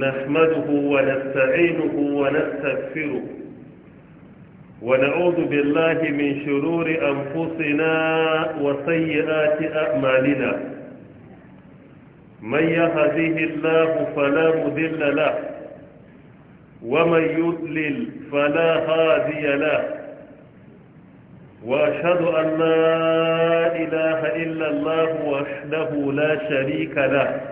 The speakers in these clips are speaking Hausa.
نحمده ونستعينه ونستغفره ونعوذ بالله من شرور أنفسنا وسيئات أعمالنا من يهديه الله فلا مذل له ومن يضلل فلا هادي له وأشهد أن لا إله إلا الله وحده لا شريك له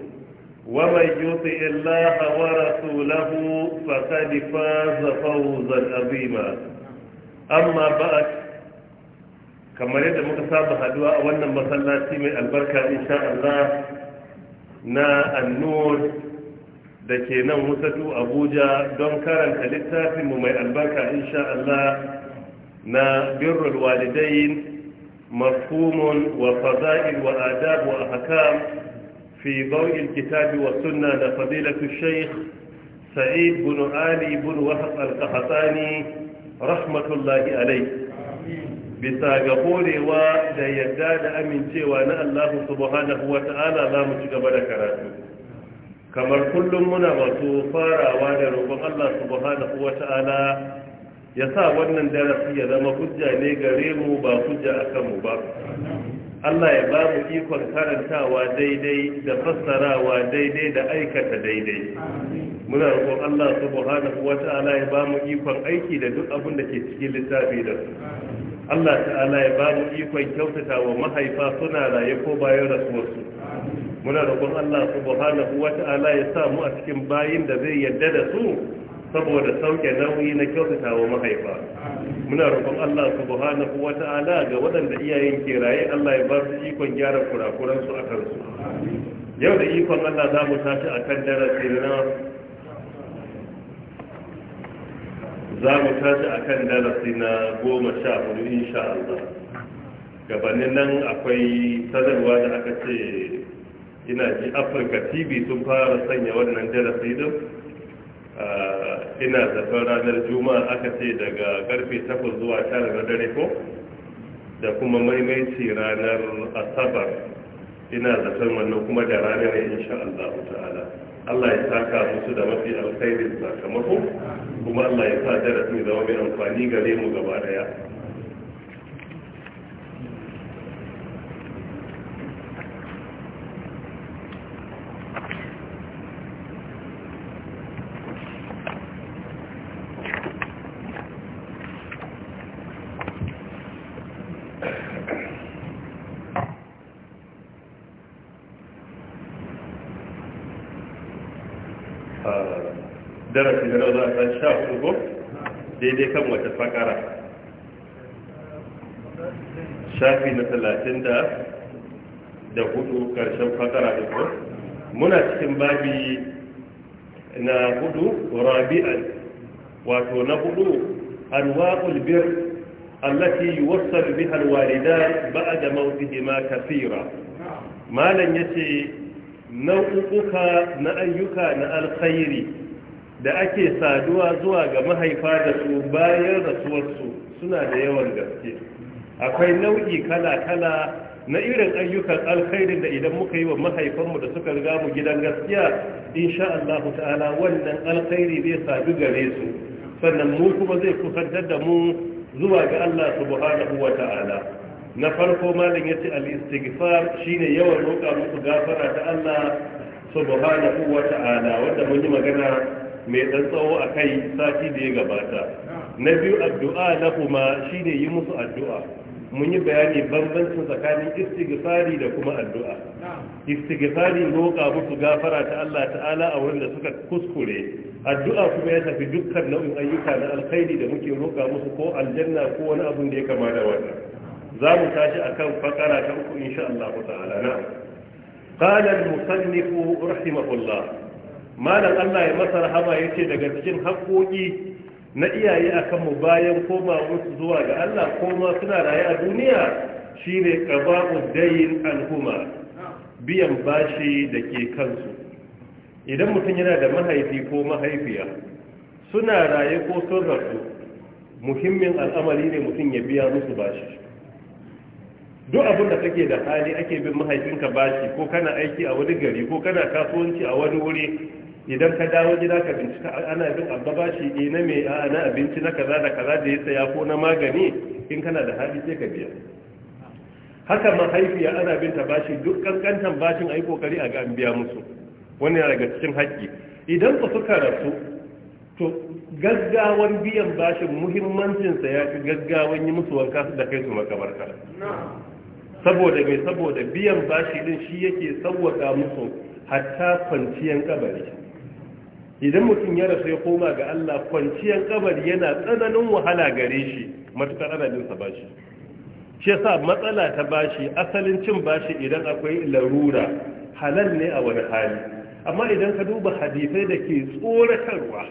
ومن يطع الله ورسوله فقد فاز فوزا عظيما اما بعد kamar yadda muka saba haduwa a wannan masallaci mai albarka insha na annur da ke nan wusatu abuja don karanta littafinmu mai albarka insha na birrul walidain mafhumun wa fada'il wa adab wa ahkam في ضوء الكتاب والسنة لفضيلة الشيخ سعيد بن علي بن وحق القحطاني bisa ga horewa da yadda da amincewa na Allah subhanahu wa ta'ala za mu ci gaba da karatu kamar kullum muna masu farawa da roƙon Allah subhanahu wa ta'ala ya sa wannan darasin ya zama hujja ne gare mu ba hujja a mu ba Allah ya ba mu ikon karantawa daidai da fassarawa daidai da aikata daidai muna roƙon Allah subhanahu ta'ala ya ba mu ikon aiki da duk abin da ke cikin littafi da su Allah ta'ala ya ba mu ikon kyautata wa mahaifa suna raye ko bayan rasuwarsu muna roƙon Allah subhanahu ta'ala ya sa mu a cikin bayin da zai yarda da su saboda sauke nauyi na kyautata wa mahaifa muna roƙon Allah subhanahu wata'ala ga waɗanda iyayen ke raye Allah ya ba su ikon gyara kurakuran su a kansu yau da ikon Allah za mu tashi akan darasi na za mu tashi kan darasi na goma sha hudu insha Allah gabanin nan akwai sanarwa da aka ce ina ji afirka tv sun fara sanya wannan darasi din ah, ina zafin ranar juma'a aka ce daga karfe 8 zuwa 10 na dare ko da kuma maimaici ranar asabar ina zafin wannan kuma da ranar yin insha Allah ta'ala Allah ya saka musu da mafi alkhairin sakamako kuma Allah ya sa darasin zama mai amfani gare mu gaba daya daidai kan wata fakara shafi na talatin da da hudu karshen fakara da ko muna cikin babi na hudu rabi'an wato na hudu anwa'ul bir allati yuwassal biha alwalidan ba'da mawtihima kathira malan yace nau'uka na ayyuka na alkhairi da ake saduwa zuwa ga mahaifa da su bayan rasuwarsu suna da yawan gaske akwai nau'i kala-kala na irin ayyukan alkhairin da idan muka yi wa mahaifanmu da suka riga mu gidan gaskiya insha Allah ta'ala wannan alkhairi zai sadu gare su sannan mu kuma zai kusantar da mu zuwa ga Allah subhanahu wa ta'ala na farko malam yace al-istighfar shine yawan roƙa musu gafara ta Allah subhanahu wa ta'ala wanda mun yi magana mai dan tsawo a kai sati da ya gabata na biyu addu'a na kuma shine yi musu addu'a mun yi bayani bambancin tsakanin istighfari da kuma addu'a istighfari roƙa musu gafara ta Allah ta'ala a wurin da suka kuskure addu'a kuma ya tafi dukkan nau'in ayyuka na alkhairi da muke roƙa musu ko aljanna ko wani abin da ya kama da wannan za mu tashi akan fakara ta uku insha Allah ta'ala na qala al rahimahullah malam Allah ya masa rahama yace daga cikin haƙoƙi na iyaye a kanmu bayan koma musu zuwa ga Allah koma suna raye a duniya shi ne dayin al'umma biyan bashi da ke kansu idan mutum yana da mahaifi ko mahaifiya suna raye ko sun rasu muhimmin al'amari ne mutum ya biya musu bashi duk abin da kake da hali ake bin mahaifinka bashi ko kana aiki a wani gari ko kana kasuwanci a wani wuri idan ka dawo gida ka bincika ana bin abba ba eh na me a na abinci na kaza da kaza da ya saya ko na magani in kana da hali sai ka biya haka mahaifiya ana bin ta bashi duk kankantan bashin ayi kokari a ga an biya musu wannan daga cikin haƙƙi idan ku suka rasu to gaggawan biyan bashin muhimmancinsa ya fi gaggawan yi musu wanka da kai su makabarta saboda mai saboda biyan bashi din shi yake sauwaka musu hatta kwanciyan kabari idan mutum ya rasu ya koma ga Allah kwanciyar kabari yana tsananin wahala gare shi matukar adadin sa bashi shi yasa matsala ta bashi asalin cin bashi idan akwai larura halal ne a wani hali amma idan ka duba hadisai da ke tsoratarwa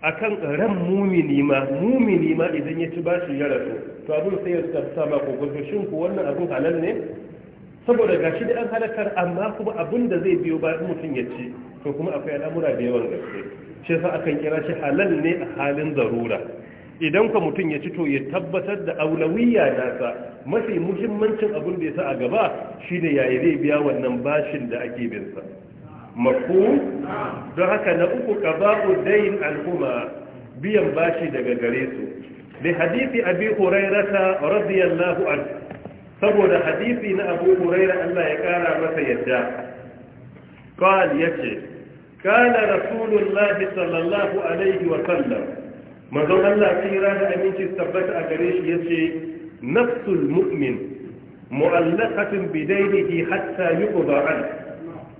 akan ran mumini ma mumini ma idan ya ci bashi ya rasu to abin sai ya tsarsa ma ko gurbe ku wannan abin halal ne saboda ga shi da an halakar amma kuma abin da zai biyo bayan mutum ya ci to kuma akwai al'amura da yawan gaske shi yasa akan kira shi halal ne a halin zarura idan ka mutum ya ci to ya tabbatar da aulawiyya nasa mafi muhimmancin abin da ya sa a gaba shine yayi zai biya wannan bashin da ake bin sa mafu don haka na uku qaba'u dayn al-huma biyan bashi daga gare su li hadisi abi hurairata radiyallahu anhu saboda hadisi na abu huraira Allah ya kara masa yadda qal yace kana rasulullah sallallahu alaihi wa sallam manzon Allah tsira da aminci tabbata a gare shi yace nafsul mu'min mu'allaqatun bidaynihi hatta yuqda an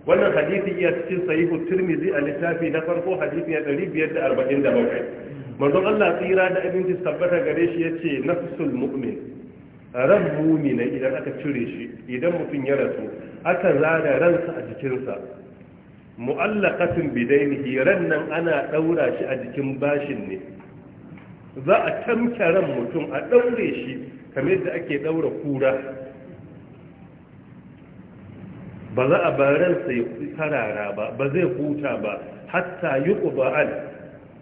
wannan hadisi ya cikin sahihu tirmizi a littafi na farko hadisi ya 547 manzon Allah tsira da aminci tabbata gare shi yace nafsul mu'min ran na idan aka cire shi idan mutum ya rasu aka zana ransa a jikinsa mu'allaqatin bidainihi ran nan ana ɗaura shi a jikin bashin ne za a tamke ran mutum a daure shi kamar da ake ɗaura kura ba za a ransa ya karara ba ba zai huta ba hatta yi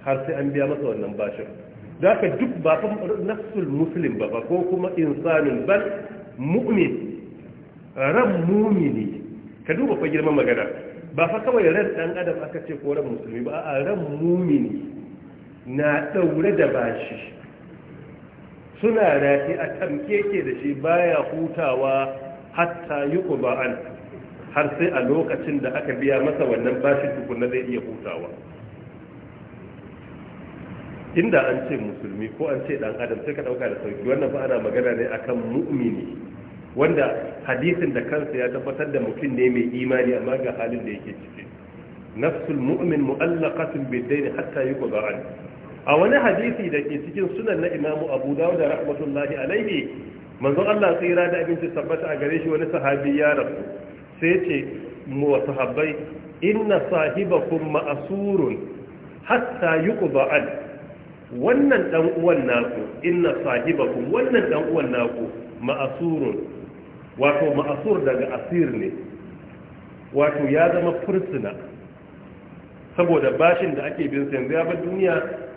har sai an biya masa wannan bashin da ka duk ba fa nafsul muslim ba ko kuma insanin bal mu'min ran mumini ka duba fa girman magana ba fa kawai ran dan adam aka ce ko ran musulmi ba a ran mumini na daure da bashi suna rafi a tamke ke da shi baya hutawa hatta yi ba'an, har sai a lokacin da aka biya masa wannan bashi tukunna zai iya hutawa inda an ce musulmi ko an ce dan adam sai ka dauka da sauki wannan ba ana magana ne akan mu'mini wanda hadisin da kansa ya tabbatar da mutum ne mai imani amma ga halin da yake ciki nafsul mu'min mu'allaqatun bid-dayn hatta yuqda an a wani hadisi da ke cikin sunan na imamu abu dawud rahmatullahi alaihi manzon Allah tsira da abinci tabbata a gare shi wani sahabi ya rasu sai ce mu sahabbai inna sahibakum ma'asurun hatta yuqda an wannan dan uwan naku inna sahibakum wannan dan uwan naku ma'asurun wato ma'asur daga asir ne wato ya zama fursuna saboda bashin da ake bin yanzu ya bar duniya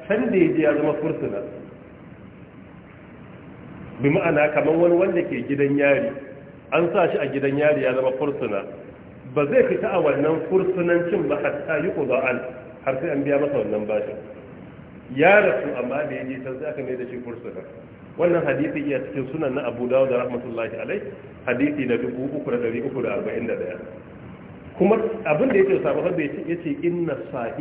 can da ya zama fursuna bi ma'ana kamar wani wanda ke gidan yari an sa shi a gidan yari ya zama fursuna ba zai fita a wannan fursunancin ba hatta yi har sai an biya masa wannan bashin ya rasu amma da ya je sai aka mai da shi fursuna wannan hadisi ya cikin sunan na abu dawud da rahmatullahi alai hadisi na 3341 kuma abin da yake sabo da yace inna ka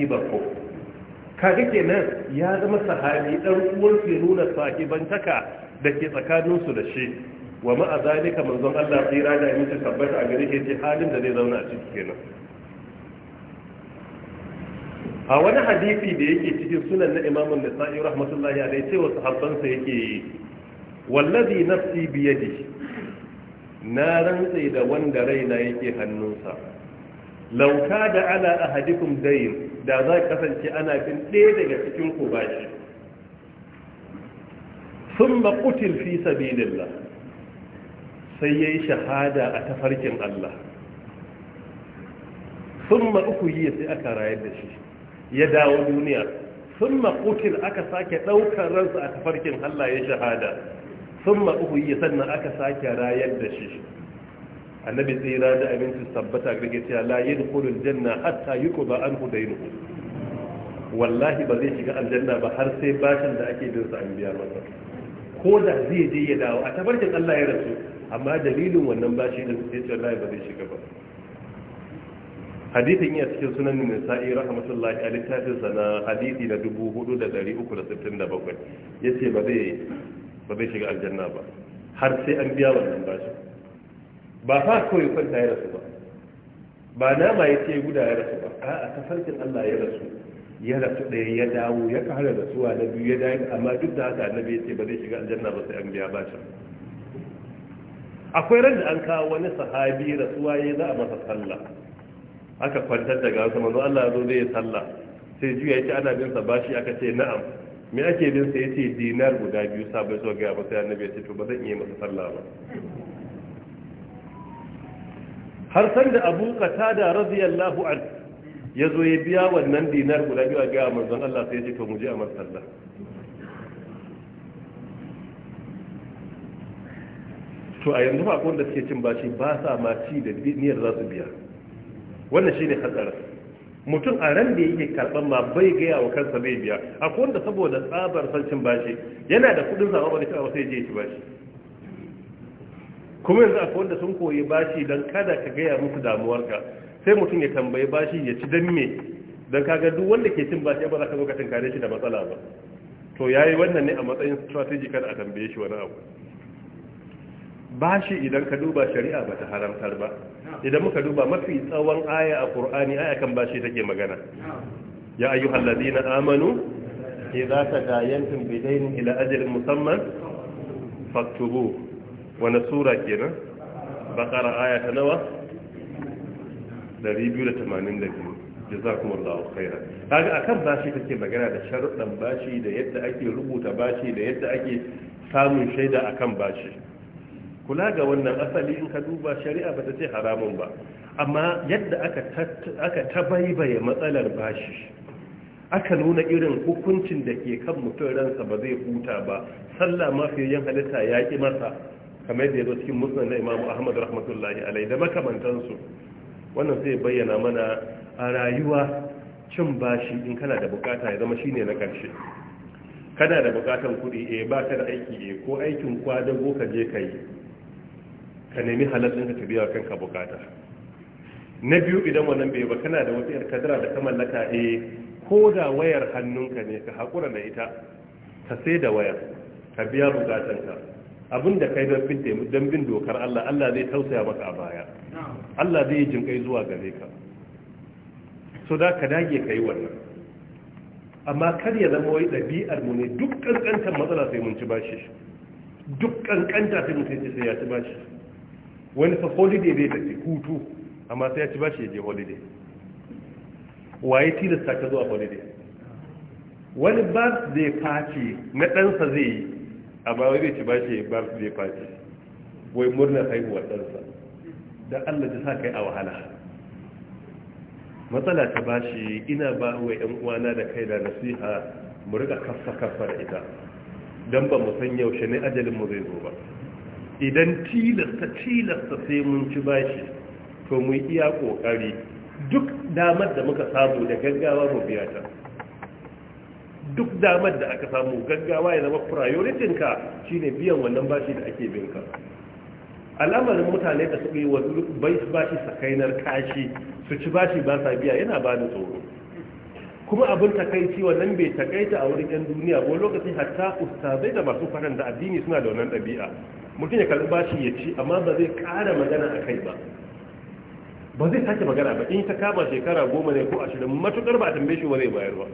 kaga kenan ya zama sahabi dan uwan su nuna taka da ke tsakanin su da shi wa ma'a zalika manzon Allah tsira da ya mutu tabbata a gare shi halin da zai zauna a ciki kenan a wani hadisi da yake cikin sunan na imamun nisa'i rahmatullahi alaihi cewa sahabbansa yake wallazi nafsi biyadi na rantse da wanda raina yake hannunsa lauka da ala ahadikum dayin da za kasance ana bin ɗaya daga cikin ku bashi Sun qutil fi sabilillah sai yayi shahada a tafarkin Allah thumma uku yi sai aka rayar da shi ya dawo duniya sun maƙutil aka sake ɗaukar ransa a tafarkin Allah ya shahada sun maƙuhuyi sannan aka sake rayar da shi annabi tsira da abinci sabbata ga cewa la kudin janna hatta yi ku yuqda anhu daynuhu wallahi ba zai shiga aljanna ba har sai bashin da ake bin sa an biya masa ko da zai je ya dawo a tafarkin Allah ya rasu amma dalilin wannan bashi din sai ce wallahi ba zai shiga ba hadisin iya cikin sunan sa'i rahmatullahi a littafin sa na hadisi na 4367 yace ba zai ba zai shiga aljanna ba har sai an biya wannan bashi ba fa kawai kwanta ya rasu ba ba nama ya ce guda ya rasu ba a'a tafarkin Allah ya rasu ya rasu ɗaya ya dawo ya kara rasuwa na biyu ya dawo amma duk da haka annabi ya ce ba zai shiga aljanna ba sai an biya bashi akwai ran da an kawo wani sahabi rasuwa ya za a masa sallah aka kwantar da gasa manzo Allah zo zai sallah sai juya yace ana bin sa bashi aka ce na'am me ake bin sa yace dinar guda biyu sabai so ga masa annabi ce? to ba zan iya masa sallah ba har san da Abu Qatada radiyallahu anhu zo ya biya wannan dinar guda biyu ga manzon Allah sai ce to mu je a masa sallah to a yanzu ba da suke cin bashi ba sa ma ci da niyyar za su biya wannan shine hatsarin mutum a ran da yake karban ma bai gaya wa kansa bai biya akwai wanda saboda tsabar sancin bashi yana da kudin zama ba ta sai je shi bashi kuma yanzu akwai wanda sun koyi bashi don kada ka gaya musu damuwarka sai mutum ya tambayi bashi ya ci dan me don kaga duk wanda ke cin bashi ba za ka zo ka shi da matsala ba to yayi wannan ne a matsayin strategy kada a tambaye shi wani abu bashi idan ka duba shari'a ba ta haramtar ba idan muka duba mafi tsawon aya a ƙur'ani aya kan bashi take magana ya ayyuhal na amanu idza tadayantum bidain ila ajalin musamman faktubu wani sura kenan bakara aya ta nawa 282 jazakumullahu khairan kaga akan bashi take magana da sharuɗan bashi da yadda ake rubuta bashi da yadda ake samun shaida akan bashi kula ga wannan asali in ka duba shari'a ba ta ce haramun ba amma yadda aka tabaibaye matsalar bashi aka nuna irin hukuncin da ke kan mutum ransa ba zai huta ba sallah mafiyan halitta ya ƙi masa kamar da ya zo cikin musulun na imamu ahmad rahmatullahi alai da makamantansu wannan sai bayyana mana a rayuwa cin bashi in kana da bukata ya zama shine na ƙarshe kana da bukatan kuɗi E ba ka da aiki eh ko aikin kwadago ka je ka yi ka nemi halal ɗinka ka biya kanka bukata na biyu idan wannan bai ba kana da wata yar kadara da ka mallaka a eh, ko da wayar hannunka ne ka haƙura da ita ka sai da wayar ka biya bukatanka abin da kai don bin don bin dokar Allah Allah zai tausaya maka a baya Allah zai jin kai zuwa gare ka so da ka dage kai wannan amma kar ya zama wai ɗabi'ar mu ne duk kankantar matsala sai mun ci bashi duk ƙanƙanta sai mun sai ya ci bashi wani fa holiday zai tafi hutu amma sai ya ci bashi ya je holiday waye tilasta ka zuwa holiday wani birthday party na ɗansa zai yi amma wani zai ci bashi ya birthday party wai murnar haihuwar ɗansa da Allah ji sa kai a wahala matsala ta bashi ina ba wa ‘yan uwana da kai da nasiha mu riga kafa-kafa da ita dan ba mu san yaushe ne ajalin mu zai zo ba idan tilasta tilasta sai mun ci bashi to mu iya kokari duk damar da muka samu da gaggawa mu biya ta duk damar da aka samu gaggawa ya zama priority ka shine biyan wannan bashi da ake bin al'amarin mutane da suka yi wa bashi sakainar kashi su ci bashi ba sa biya yana ba ni tsoro kuma abin takaici wannan bai takaita a wurin yan duniya ko lokaci hatta ustazai da masu faɗan da addini suna da wannan ɗabi'a mutum ya karɓi bashi ya ci amma ba zai ƙara magana a kai ba ba zai sake magana ba in ta kama shekara goma ne ko ashirin matuƙar ba a tambaye shi ba zai bayar ba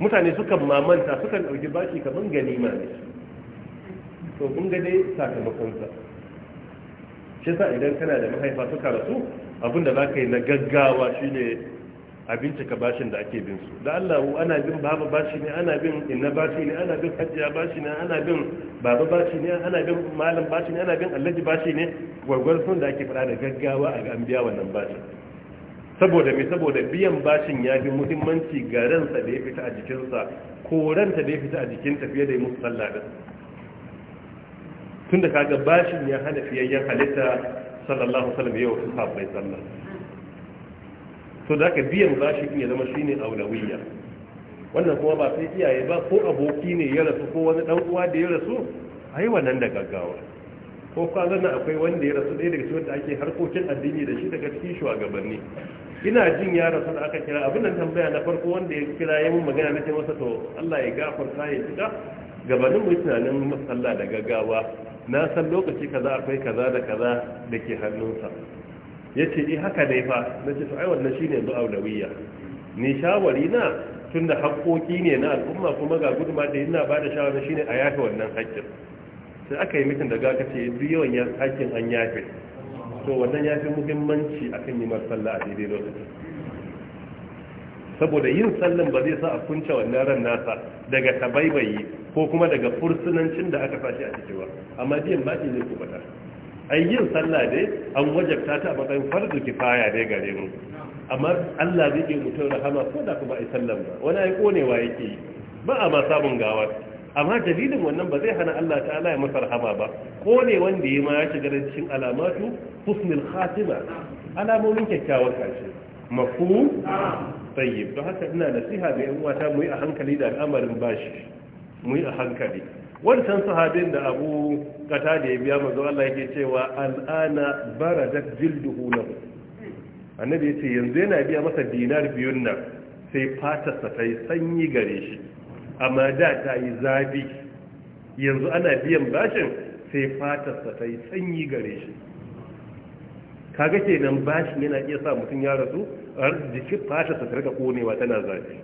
mutane sukan mamanta sukan ɗauki bashi kamar ganima ne to kun ga dai sakamakonsa shi sa idan kana da mahaifa suka rasu abinda za ka yi na gaggawa shine a ka bashin da ake bin su da Allah ana bin baba bashi ne ana bin inna bashi ne ana bin hajjiya bashi ne ana bin baba bashi ne ana bin malam bashi ne ana bin Alhaji bashi ne gwargwar sun da ake fada da gaggawa a ga an biya wannan bashi saboda me saboda biyan bashin ya fi muhimmanci ga ransa da ya fita a jikinsa ko ranta da ya fita a jikinta fiye da yi musu sallah din tunda kaga bashin ya hana fiyayyen halitta sallallahu alaihi wasallam sallam, sun sallah so da ka biyan bashi ya zama shine aulawiyya wannan kuma ba sai iyaye ba ko aboki ne ya rasu ko wani dan uwa da ya rasu ai wannan da gaggawa ko kwanan zana akwai wanda ya rasu ɗaya daga cikin da ake harkokin addini da shi daga cikin shugabanni ina jin ya rasu da aka kira abin nan tambaya na farko wanda ya kira ya mun magana na masa to Allah ya gafarta ya tuka gabanin mu tunanin masalla da gaggawa na san lokaci kaza akwai kaza da kaza da ke hannunsa ya ce eh haka dai fa na ce to ai wannan shine yanzu aulawiyya ni shawari na tunda haƙoƙi ne na al'umma kuma ga guduma da yana ba da shawari shine a yafe wannan haƙƙin sai aka yi mutum daga aka ce duk yawan ya haƙƙin an yafe to wannan yafi muhimmanci akan yi mar sallah a daidai lokacin saboda yin sallan ba zai sa a kunce wannan ran nasa daga tabaibayi ko kuma daga fursunancin da aka sashi a cikin ba amma biyan ba ne ku bata ai yin sallah dai an wajabta ta a matsayin farzu kifaya dai gare mu amma Allah zai yi mutum rahama ko da kuma ai sallan ba wani ai konewa yake yi ba a ma samun gawar amma dalilin wannan ba zai hana Allah ta'ala ya masa rahama ba kone wanda ya ma ya shiga da cikin alamatu husnul khatima alamomin kyakkyawan kashi Mafu? tayyib don haka ina nasiha da yan uwata mu yi a hankali da al'amarin bashi muyi a hankali wancan sahabin da abu kata da ya biya manzo Allah yake cewa al'ana baradat jilduhu lahu annabi yace yanzu yana biya masa dinar biyun nan sai fatarsa ta yi sanyi gare shi amma da ta yi zafi yanzu ana biyan bashin sai fatarsa ta yi sanyi gare shi kaga kenan bashin yana iya sa mutum ya rasu jikin fatarsa ta rika konewa tana zafi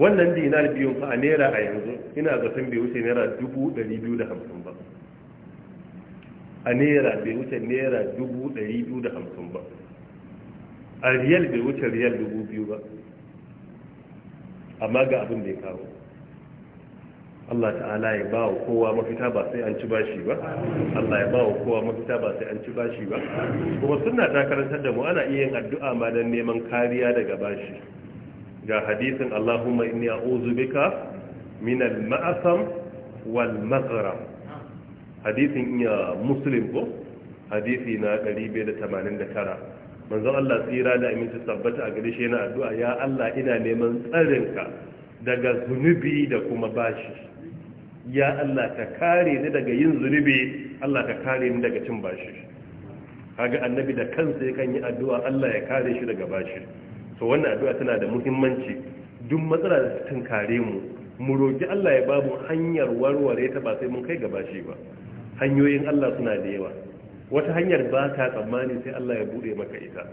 wannan dinar biyun fa a naira a yanzu ina zaton bai wuce naira dubu ɗari biyu da hamsin ba a naira bai wuce naira dubu ɗari biyu da hamsin ba a riyal bai wuce riyal dubu biyu ba amma ga abin da ya kawo Allah ta'ala ya ba wa kowa mafita ba sai an ci bashi ba Allah ya ba wa kowa mafita ba sai an ci bashi ba kuma suna ta karantar da mu ana iya yin addu'a ma don neman kariya daga bashi ga hadisin Allahumma inni a'udhu bika min al-ma'asam wal maghram hadisin iya muslim ko hadisi na 589 manzon Allah tsira da aminci tabbata a gare shi yana addu'a ya Allah ina neman tsarinka daga zunubi da kuma bashi ya Allah ka kare ni daga yin zunubi Allah ka kare ni daga cin bashi kaga annabi da kansa kan yi addu'a Allah ya kare shi daga bashi to wannan addu'a tana da muhimmanci duk matsala da ta tunkare mu mu roki Allah ya babu hanyar warware ta ba sai mun kai gaba shi ba hanyoyin Allah suna da yawa wata hanyar ba ta tsammani sai Allah ya bude maka ita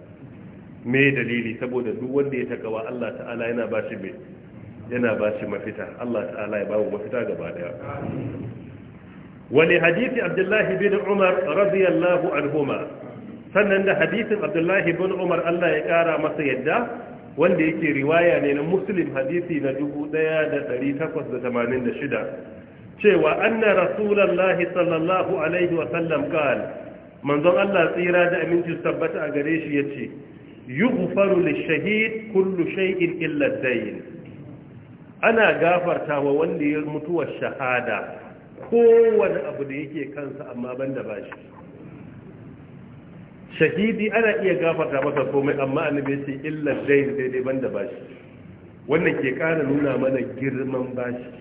me dalili saboda duk wanda ya takawa Allah ta'ala yana ba shi be yana ba shi mafita Allah ta'ala ya ba mafita gaba daya wani hadisi abdullahi bin umar radiyallahu anhuma sannan da hadisin abdullahi bin umar allah ya kara masa yadda wanda yake riwaya ne na muslim hadisi na 1886 cewa anna rasulallahi sallallahu alaihi wa sallam qal manzon allah tsira da aminci tabbata a gare shi yace yughfaru lishahid kullu shay'in illa dayn ana gafarta wa wanda ya mutuwar shahada kowane abu da yake kansa amma banda bashi shahidi ana iya gafarta masa komai amma annabi ya ce illa dain daidai banda bashi wannan ke ƙara nuna mana girman bashi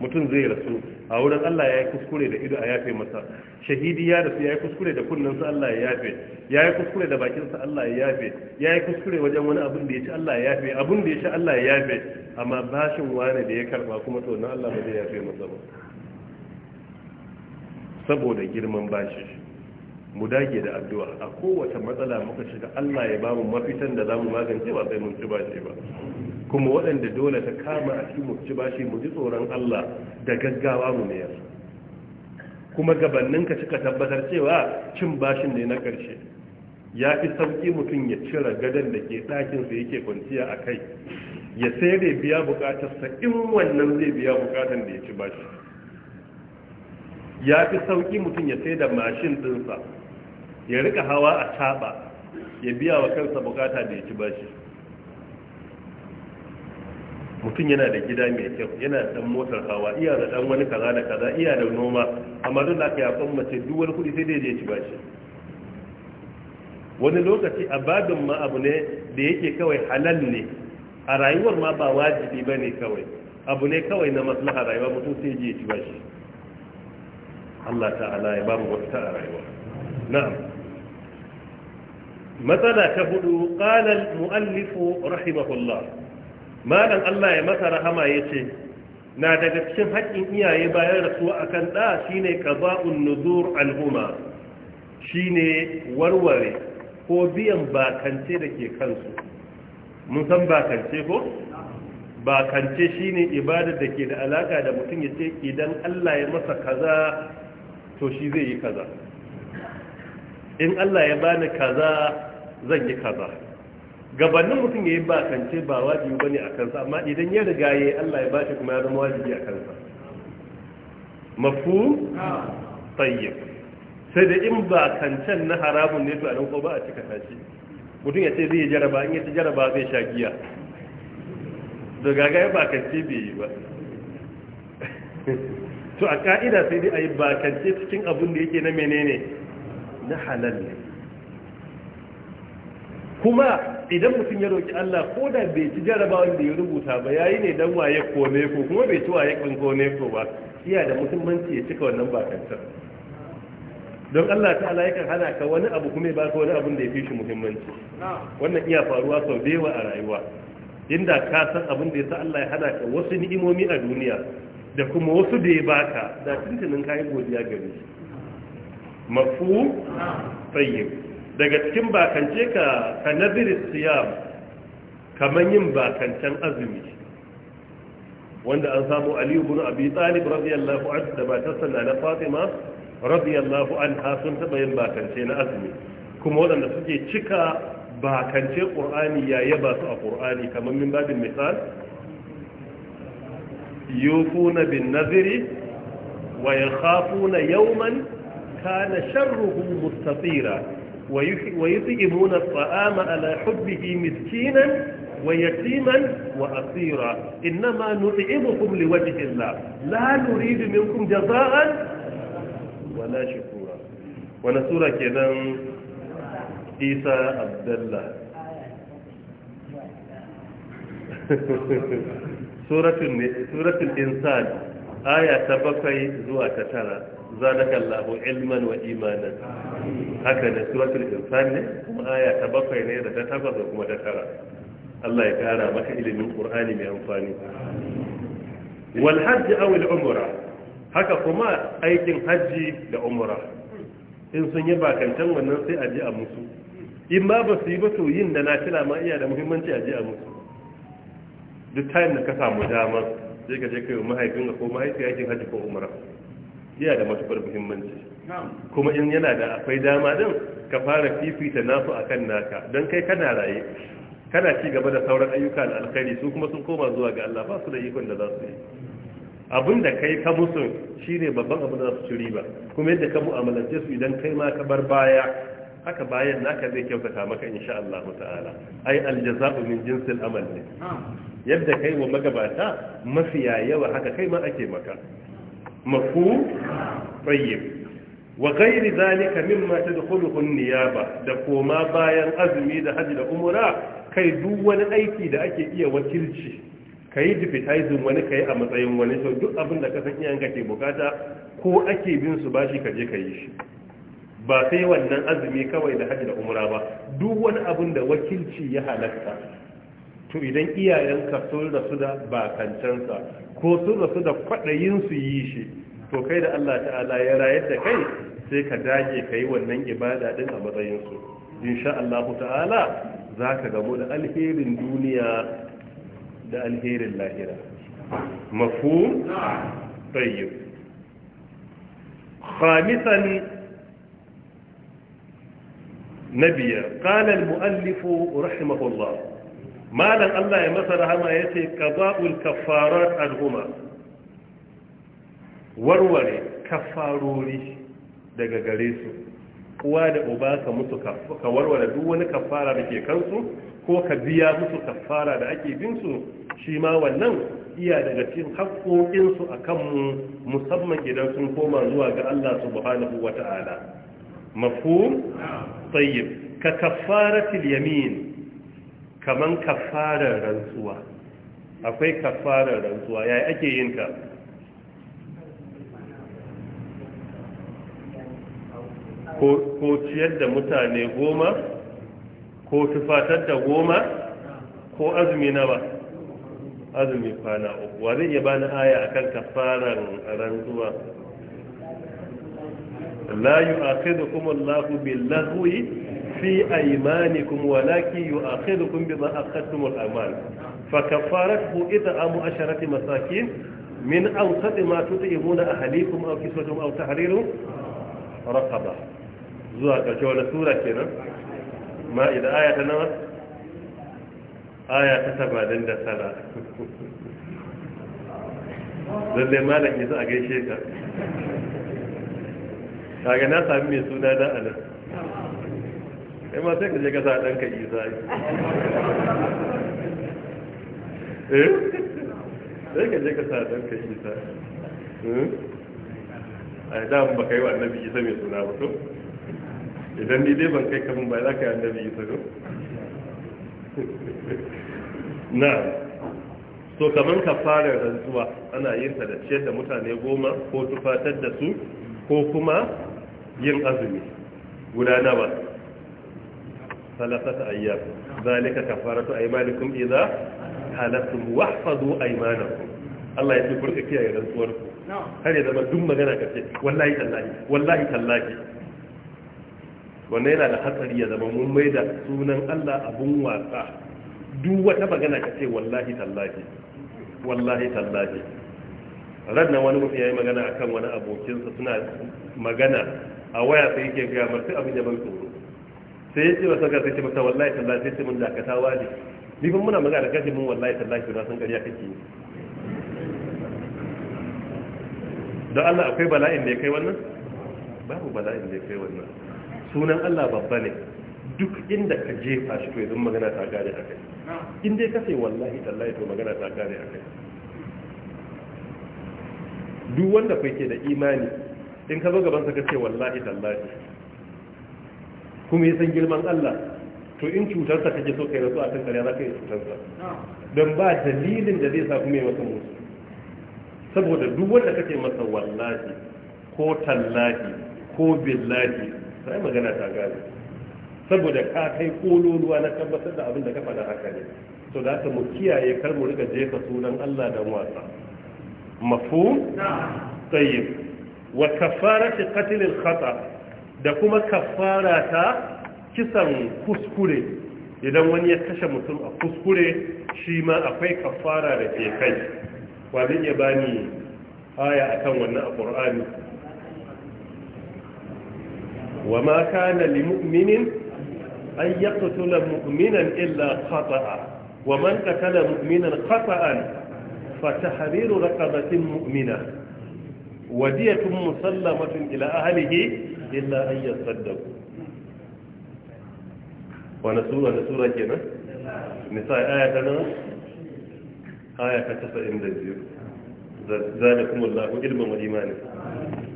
mutum zai rasu a wurin Allah ya yi kuskure da ido a yafe masa shahidi ya rasu ya yi kuskure da kunnensa Allah ya yafe ya yi kuskure da bakinsa Allah ya yafe ya yi kuskure wajen wani abin da ya ci Allah ya yafe abin da ya ci Allah ya yafe amma bashin wani da ya karba kuma to na Allah ba zai yafe masa ba saboda girman bashi mu dage da addu'a a kowace matsala muka shiga Allah ya bamu mafitan da zamu magance ba sai mun ci bashi ba kuma waɗanda dole ta kama a cikin mu ci bashi mu ji tsoron Allah da gaggawa mu ne kuma gabannin ka cika tabbatar cewa cin bashin ne na ƙarshe ya fi sauƙi mutum ya cire gadon da ke ɗakinsa yake kwanciya a kai ya sai da biya sa, in wannan zai biya buƙatar da ya ci bashi ya fi sauƙi mutum ya sai da mashin ɗinsa ya rika hawa a taba ya biya wa kansa bukata da ya ci bashi mutum yana da gida mai kyau yana da dan motar hawa iya da dan wani kaza da kaza iya da noma amma duk da aka ya mace duk wani kudi sai dai ya ci bashi wani lokaci a babin ma abu ne da yake kawai halal ne a rayuwar ma ba wajibi ba ne kawai abu ne kawai na maslaha rayuwa mutum sai ya ci bashi Allah ta'ala ya ba mu wata a rayuwa na'am matsala ta hudu qalal muallifu rahimahullah malam Allah ya masa rahama ya ce, na daga cikin haƙƙin iyaye bayan rasuwa akan ɗa shine ƙaba'un nuzur al'umma shine warware ko biyan bakance da ke kansu mun san bakance ko bakance shine ibadar da ke da alaƙa da mutum ya ce idan Allah ya masa kaza to shi zai yi kaza in Allah ya bani kaza zan yi kaza gabanin mutum ya yi ce ba wajibi bane a kansa amma idan ya riga ya Allah ya bashi kuma ya zama wajibi a kansa mafu tayyib sai da in can na haramun ne to a ko ba a cika tashi mutum ya ce zai yi jaraba in ya ci jaraba zai sha giya da gaga ya bakance bai yi ba to a ka'ida sai dai a yi bakance cikin abin da yake na menene na halal ne kuma idan mutum ya roƙi Allah ko da bai ci jaraba da ya rubuta ba yayi ne dan waye ko ne ko kuma bai ci waye kan ko ne ko ba iya da muhimmanci ya cika wannan bakantar don Allah ta'ala kan hana ka wani abu kuma ya baka wani abun da ya fi shi muhimmanci wannan iya faruwa sau da yawa a rayuwa inda ka san abin da ya Allah ya hana ka wasu ni'imomi a duniya da kuma wasu da ya baka da tuntunin kayan godiya gare shi mafu tsayyib daga cikin bakance ka ka nazirin siyam kamar yin bakancen azumi wanda an samu aliyu bin abi talib radiyallahu anhu da matarsa na fatima radiyallahu anha sun taɓa yin bakance na azumi kuma waɗanda suke cika bakance ƙur'ani yaya ba su a ƙur'ani kamar min babin misal yufuna bin naziri wa yakhafuna yawman كان شره مستطيرا ويطعمون الطعام على حبه مسكينا ويتيما وأصيرا إنما نطعمكم لوجه الله لا نريد منكم جزاء ولا شكورا ونسورة كذا عيسى عبد الله سورة الإنسان آية تبقي زوء كترى zadaka Allahu ilman wa imanan haka ne suratul insan ne kuma aya ta bakwai ne da ta takwas kuma ta tara Allah ya kara maka ilimin Qur'ani mai amfani wal hajj aw al umra haka kuma aikin hajji da umra in sun yi bakantan wannan sai a je a musu in ba ba su yi ba to yin da na kira ma iya da muhimmanci a je a musu duk time da ka samu dama sai ka je kai mahaifinka ko mahaifiya aikin hajji ko umra yana da matukar muhimmanci kuma in yana da akwai dama din ka fara fifita nasu a kan naka don kai kana raye kana ci gaba da sauran ayyuka da alkhairi su kuma sun koma zuwa ga Allah ba su da ikon da za su yi abin da kai ka musu shine babban abin da za su ci riba kuma yadda ka mu'amalance su idan kai ma ka bar baya haka bayan naka zai kyautata maka insha Allah ta'ala ai aljaza'u min jinsil amal ne yadda kai wa magabata mafiya yawa haka kai ma ake maka mafu tsayyib wa gairi zalika mimma tadkhuluhu niyaba da koma bayan azumi da haji umra kai duk wani aiki da ake iya wakilci yi deputizing wani kai a matsayin wani sau, duk abin da ka san iyanka ke bukata ko ake bin su bashi ka je ka yi shi ba sai wannan azumi kawai da hajji da umra ba duk wani abin da wakilci ya halatta to idan iyayenka sun rasu da bakancansa ko sun rasu da kwaɗayin su yi shi to kai da Allah ta'ala ya rayar da kai sai ka dage ka yi wannan ibada din a matsayinsu. su insha Allah ta'ala za ka gamo da alherin duniya da alherin lahira mafu tayyib khamisan نبيا قال المؤلف رحمه rahimahullah malam Allah ya masa rahama ya ce ka kaffarat al'umma. warware kafarori daga gare su Kuwa da uba ka mutu ka warware duk wani kafara da ke kansu ko ka biya musu kafara da ake bin su shi ma wannan iya daga cikin haƙoƙinsu a kanmu musamman idan sun koma zuwa ga Allah subhanahu wa ta'ala mafhum ka kaffaratil yamin kaman kafarar rantsuwa akwai kafarar rantsuwa yayi ake yin ta ko ciyar da mutane goma ko tufatar da goma ko azumi ba azumi kwana uku wa zai ba bani aya akan kafarar rantsuwa la kuma Allahu bil-lahwi fi aymanikum walakin yu'akhidukum bima aqadtum amal fa it'amu asharati masakin min awsati ma tut'imuna ahlikum aw kiswatuhum aw tahriru raqaba zuwa sura kenan ma a gaishe ka kaga na sami mai suna da kai ma sai ka je kasa dan ka isa eh? eh sai ka je kasa dan ka isa eh? a da ba kai wa annabi isa mai suna ba to idan ni dai ban kai kamun ba za ka yi annabi isa to na so kamar fara rantsuwa ana yin ta da ciyar da mutane goma ko tufatar da su ko kuma yin azumi guda nawa ثلاثة أيام ذلك كفارة أيمانكم إذا حلفتم واحفظوا أيمانكم Allah ya ce kurka kiyaye رسول الله har ya zama duk magana ka ce wallahi tallahi wallahi wannan yana da hatsari ya zama mun da sunan Allah abun wasa duk wata magana ka ce wallahi tallahi wallahi tallahi rannan wani mutum ya yi magana akan wani abokinsa suna magana a waya sai yake ga masu abin da ban tsoro sai ya ce wa sakar sai ce mata wallahi tallahi sai ce mun dakata waje ni kuma muna magana kace mun wallahi tallahi na san ƙarya kake yi don Allah akwai bala'in da ya kai wannan babu bala'in da ya kai wannan sunan Allah babba ne duk inda ka jefa shi to yanzu magana ta gare a kai in dai kace wallahi tallahi to magana ta gare a kai duk wanda kai ke da imani in ka zo gaban sa kace wallahi tallahi kuma ya san girman Allah to in cutarsa kake so kai rasu a kan kare za ka yi cutarsa don ba dalilin da zai sa kuma ya masa musu saboda duk wanda kake masa wallahi ko tallahi ko billahi sai magana ta gane saboda ka kai kololuwa na tabbatar da abin da ka faɗa haka ne to da ta mu kiyaye kar mu rika jefa sunan Allah da wasa mafhum tayyib wa kafarat qatl al khata da kuma kafara ta kisan kuskure idan wani ya kashe mutum a kuskure shi ma akwai kafara da ke kai wa zai iya bani aya akan wannan a qur'ani wa ma kana lil mu'minin an yaqtula mu'minan illa khata'a wa man qatala mu'minan khata'an فتحرير رقبة مؤمنة ودية مسلمة ila أهله illa an yasaddaku wani sura da sura nan? nisa aya ta nan aya ta 92 zalikumullahu ilmin wal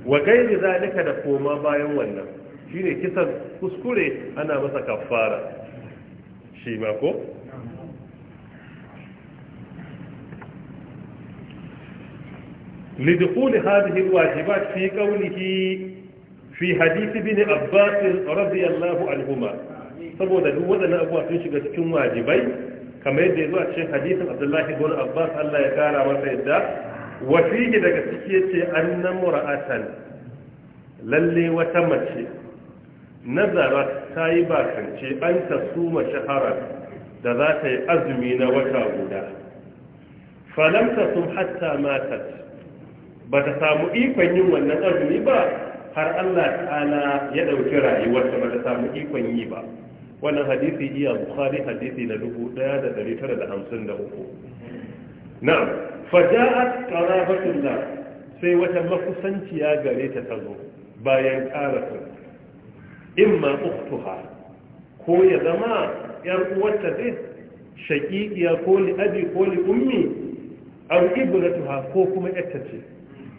wa gairi zalika da koma bayan wannan shine kisan kuskure ana masa kafara shi ma ko لدخول هذه الواجبات في قوله fi hadisi bin abbas radiyallahu anhuma saboda duk wadannan abubuwa sun shiga cikin wajibai kamar yadda ya a cikin hadisin abdullahi ibn abbas Allah ya kara masa yadda wa fihi daga ciki yace anna mura'atan lalle wata mace nazara ta yi bakance an ta suma shahara da za ta yi azumi na wata guda falam sun hatta matat ba ta samu ikon yin wannan azumi ba har Allah ta'ala ya ɗauki rayuwarsa ba ta samu ikon yi ba wannan hadisi iya bukhari hadisi na 1953 na'am faja'at qarabatullah sai wata makusanciya gare ta tazo bayan karatu imma ukhtuha ko ya zama yar uwarta ce shaqiqiya ko li abi ko li ummi aw ibratuha ko kuma yatta ce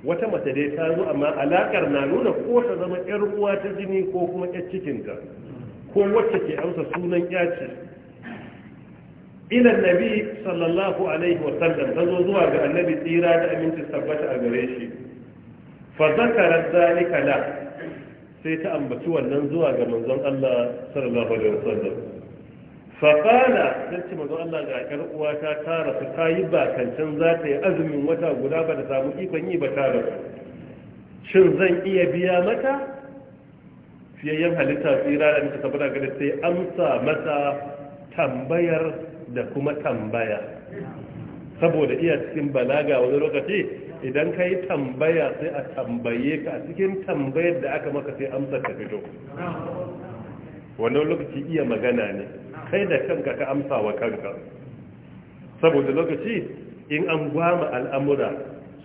wata mace dai ta zo amma alakar na nuna ko ta zama yar uwa ta jini ko kuma yar cikinta ko wacce ke amsa sunan ya ce ilan nabi sallallahu alaihi wa sallam ta zo zuwa ga annabi tsira da aminci tabbata a gare shi fa zakara zalika la sai ta ambaci wannan zuwa ga manzon Allah sallallahu alaihi wa sallam Fafana sun ce mazu Allah ga ƙar uwata ta rasu ta yi bakancan za ta yi azumin wata guda ba da samu ikon yi ba ta rasu shin zan iya biya mata fiyayyen halitta tsira da muka tabbata ga da sai amsa masa tambayar da kuma tambaya saboda iya cikin balaga wani lokaci idan ka yi tambaya sai a tambaye ka a cikin tambayar da aka maka sai amsa ta fito wannan lokaci iya magana ne kai da kanka ka amsa wa kanka saboda lokaci in an gwama al'amura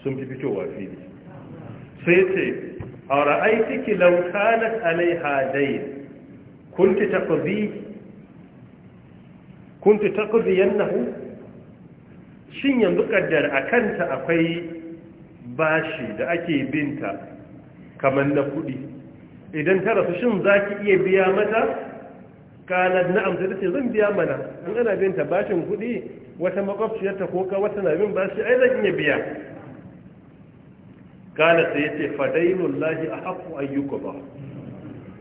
sun fi fitowa fili sai ce a ra'aitiki laukanat alaiha hadai kunti taqdi kunti yannahu shin yanzu kaddar kanta akwai bashi da ake binta kamar na kuɗi? idan ta rasu shin za ki iya biya mata kalar na'am sai ce zan biya mana in ana bin ta bashin kuɗi wata makwabciyarta ko ka wata na bin bashi ai zan iya biya kala sai yace fadailul lahi ahqqu ayyuka ba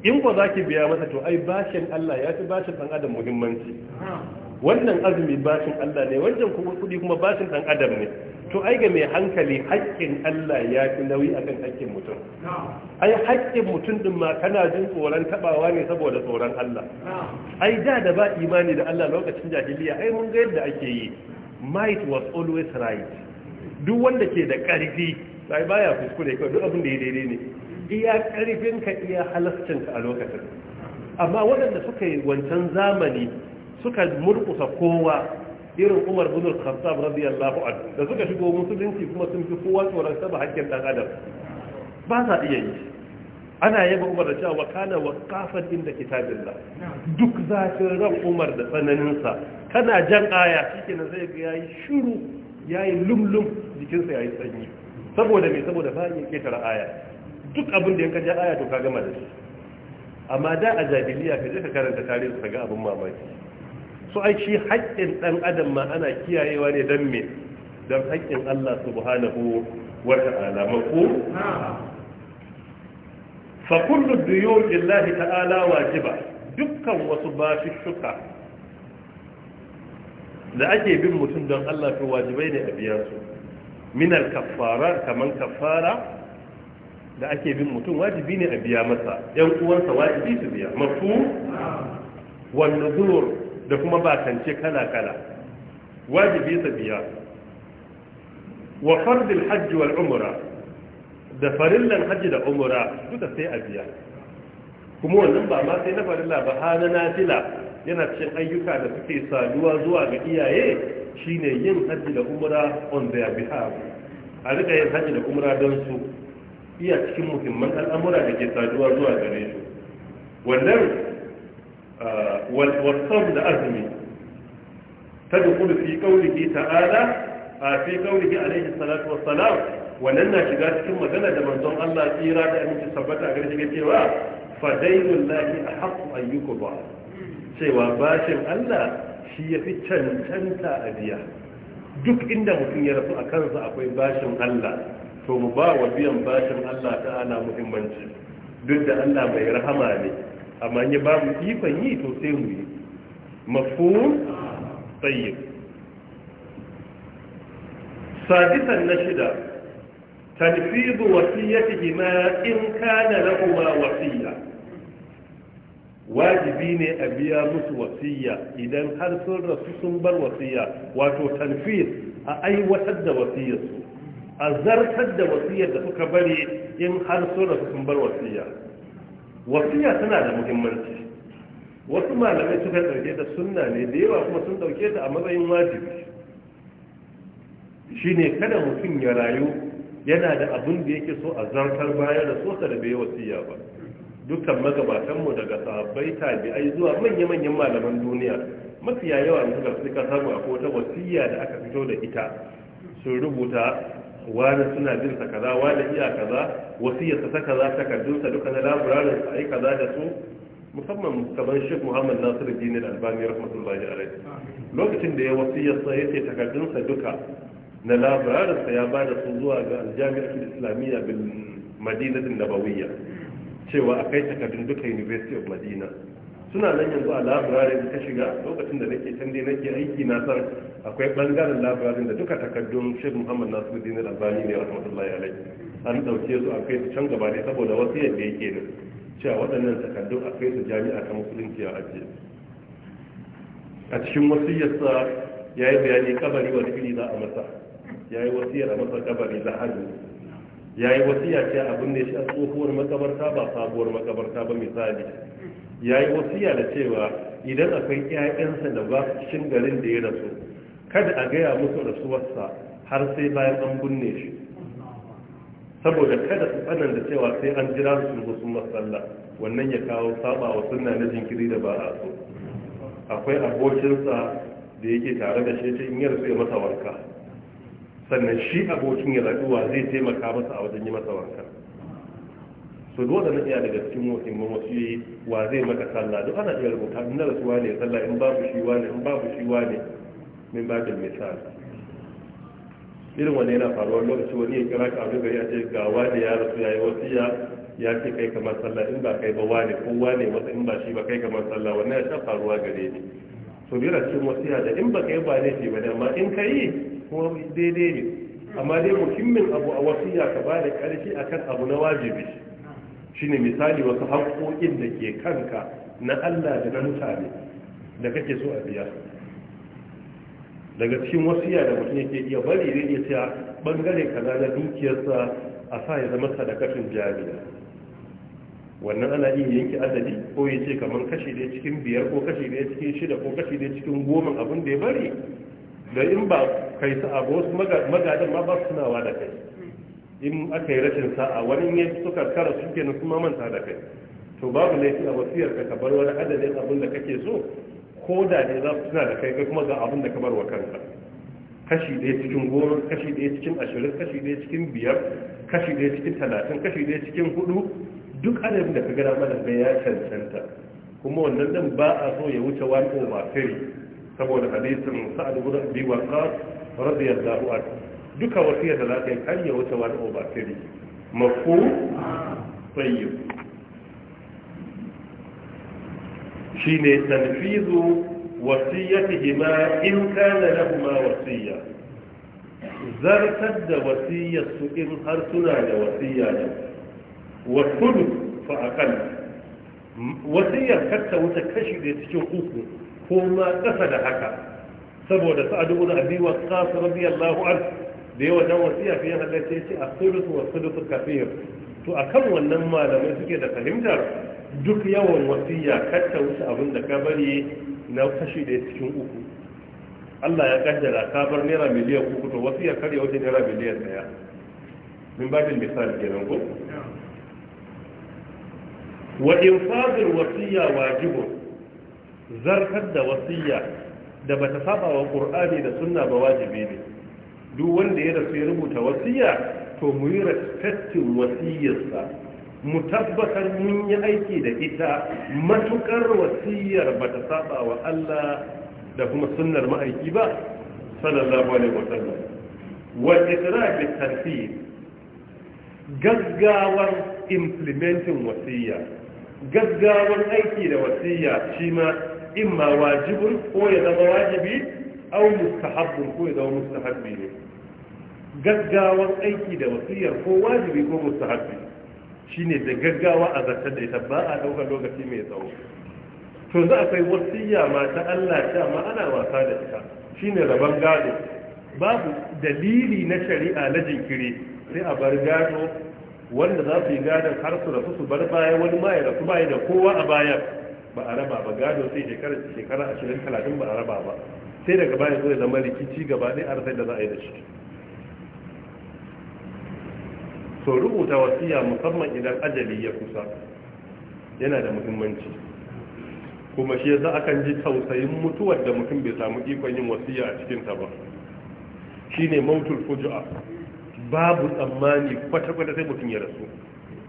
in ko ki biya masa to ai bashin Allah ya fi bashin dan adam muhimmanci wannan azumi bashin Allah ne wancan kuma kudi kuma bashin dan adam ne to ai ga mai hankali haƙƙin Allah ya fi nauyi akan haƙƙin mutum ai haƙƙin mutum din ma kana jin tsoron tabawa ne saboda tsoron Allah ai da da ba imani da Allah lokacin jahiliya ai mun ga yadda ake yi might was always right duk wanda ke da ƙarfi sai baya kuskure kai duk abin da ya daidai ne iya ka iya halascinka a lokacin amma waɗanda suka yi wancan zamani suka murkusa kowa irin umar bin al-khattab radiyallahu anhu da suka shigo musulunci kuma sun fi kowa tsoron saba hakkin dan adam ba sa iya yi ana yaba umar da cewa kana waqafan inda kitabillah duk zafin ran umar da tsananin sa kana jan aya shikenan zai ga yayi shiru yayi lumlum jikinsa yayi sanyi saboda me saboda ba ke ketara aya duk abin da ya ji aya to ka gama da shi amma da a jahiliya ka je ka karanta tarihi ka ga abin mamaki Su ai shi haƙƙin ɗan adam ma ana kiyayewa ne don me don haƙƙin Allah subhanahu wa ta'ala mako fa kullu duyur illahi ta'ala wajiba dukkan wasu bashishuka da ake bin mutum don Allah Su wajibai ne a biya su min al-kaffara kaman kaffara da ake bin mutum wajibi ne a biya masa yan uwansa wajibi su biya mafu wan nuzur da kuma bakance kala-kala wajibi biya wa fardil hajji wal umra da farillan hajji da umra duka sai a biya kuma wannan ba ma sai na farilla ba har na nafila yana cikin ayyuka da suke saduwa zuwa ga iyaye shine yin hajji da umra on their behalf a rika yin hajji da umra don su iya cikin muhimman al'amura da ke saduwa zuwa gare su wannan والصوم da azumi tadkhulu fi qawlihi ta'ala a fi qawlihi alayhi salatu wassalam wannan na shiga cikin magana da manzon Allah tsira da aminci sabbata a garin cewa fa dainul lahi ahqqu an yukba cewa bashin Allah shi yafi cancanta a biya duk inda mutum ya rasu a kansa akwai bashin Allah to mu ba wa biyan bashin Allah ta'ala muhimmanci duk da Allah mai rahama ne amma in ba mu ikon yi to sai mu yi sadisan na shida tanfidu wasiyatihi gina in kana lahuma wasiya wajibi ne a biya musu wasiya idan har sun rasu sun bar wasiya wato tanfid a aiwatar da wasiyarsu a zartar da wasiyar da suka bari in har sun rasu sun bar wasiya wasiya tana da muhimmanci wasu malamai suka ɗauke ta sunna ne da yawa kuma sun ɗauke ta a matsayin wajibi ne kada mutum ya rayu yana da abin da yake so a zartar baya da sosa da bai wasiya ba dukkan magabatanmu daga sahabbai tabi'ai zuwa manya-manyan malaman duniya mafiya yawa suka fi suka samu a kota wasiya da aka fito da ita sun rubuta wani suna bin sa kaza wani iya kaza wasiyarsa ta kaza takardunsa duka na laburarin a yi kaza da su musamman kamar shi Muhammad Nasir Dini Albani rahmatullahi alaihi lokacin da ya wasiyarsa ya ce takardunsa duka na laburarin ya ba da su zuwa ga Jami'atul Islamiyya bil Madinatin Nabawiyya cewa kai takardun duka University of Madina suna nan yanzu a labirarin da ta shiga lokacin da nake can dai nake aiki na san akwai bangaren labirarin da duka takaddun shehu Muhammad Nasiruddin Al-Albani ne rahmatullahi alai, an dauke su akwai su can gaba ne saboda wasu yadda yake ne cewa waɗannan takaddun kai su jami'a ta musulunci a ajiye a cikin wasiyarsa ya yi bayani kabari wani iri za a masa ya yi wasiyar a masa kabari a ya yi wasiya ce abin da shi a tsohuwar makabarta ba sabuwar makabarta ba misali ya yi wasiya da cewa idan akwai 'ya'yansa da ba su cikin garin da ya rasu kada a gaya musu rasuwarsa har sai bayan an binne shi saboda kada su tsanan da cewa sai an jira su musu masalla, wannan ya kawo saba wa sunna na jinkiri da ba a so akwai abokinsa da yake tare da shi ta in ya ya masa wanka sannan shi abokin ya raduwa zai taimaka masa a wajen yi masa wanka so dole na iya daga cikin muhimman wasu wa zai maka sallah duk ana iya rubuta in na rasuwa ne sallah in babu shi wane in babu shi wane min ba da misal irin wani yana faruwa lokaci wani ya kira ka abin gari a ce ga ne ya rasu ya yi wasu ya ce kai kamar sallah in ba kai ba wane ko wane masa in ba shi ba kai kamar sallah wannan ya sha faruwa gare ni so biyar cikin wasiya da in ba kai ba ne ce ba ne amma in ka yi kuma daidai ne amma dai muhimmin abu a ya ka ba da karfi akan abu na wajibi shine misali wasu haƙoƙin da ke kanka na Allah da na mutane da kake so a biya daga cikin wasiya da mutum yake iya bari ne ya cewa bangare ka na dukiyarsa a sa ya zama sadakatun jami'a wannan ana iya yanke adadi ko ya ce kamar kashi ne cikin biyar ko kashi ne cikin shida ko kashi ne cikin goma abin da ya bari da in ba kai sa'a ba wasu magadan ma ba su tunawa da kai in aka yi rashin sa'a wani ne suka kara su kenan kuma manta da kai to babu laifi a wasiyar ka ka bar wani adadin abin da kake so ko da ne za su da kai kai kuma ga abin da ka bar wa kanka kashi ɗaya cikin goma kashi ɗaya cikin ashirin kashi ɗaya cikin biyar kashi ɗaya cikin talatin kashi ɗaya cikin hudu duk adadin da ka gada mana bai ya cancanta kuma wannan ɗin ba a so ya wuce wani over saboda hadisin sa'ad ibn abi waqas radiyallahu anhu duka wasiyar da za ta yi kan ya wuce wani over 3 mafu tsayyib shi ne tanfizu wasiyyatihi ma in kana lahu ma wasiyya zartar da wasiyyar su in har suna da wasiyya ne wa sudu fa aqall wasiyyar katta wuta kashi da cikin uku ko ma kasa da haka saboda sa'adu ibn abi waqqas radiyallahu anhu da yawan nan wasiya fiye halatta ce a sulusu wa sulusu kafir to a kan wannan malamai suke da fahimtar duk yawan wasiya kacce wuce abin da ka bari na kashi da cikin uku Allah ya kaddara ka bar naira miliyan uku to wasiya kare wajen naira miliyan daya min da misali kenan ko wa infadul wasiya wajibu zartar da wasiya da bata saba wa qur'ani da sunna ba wajibi ne duk wanda ya rasu ya rubuta wasiya to mu yi respectin wasiyarsa mu tabbatar mun yi aiki da ita matukar wasiyar ba ta saba wa Allah da kuma sunnar ma'aiki ba sallallahu alaihi wasallam wa itrafi at gaggawar implementing wasiya gaggawar aiki da wasiya shi ma imma wajibun ko ya zama wajibi aw mustahabbun ko ya zama mustahabbi ne gaggawar aiki da wasiyar ko wajibi ko mustahabi shine da gaggawa a zartar da ita ba a ɗaukar lokaci mai tsawo to za a kai wasiyya ma ta Allah ta ma ana wasa da ita shine rabon gado babu dalili na shari'a na jinkiri sai a bar gado wanda za su yi gadon har su rasu su bar baya wani ma ya rasu baya da kowa a bayan ba a raba ba gado sai shekara shekara ashirin talatin ba a raba ba sai daga baya zo ya zama rikici gaba ɗaya a da za a yi da shi So rubuta wasiya musamman idan ajali ya kusa yana da muhimmanci kuma shi yasa akan ji tausayin mutuwar da mutum bai samu ikon yin wasiya a cikin ta ba shine mautul fujua babu tsammani kwata-kwata sai mutum ya rasu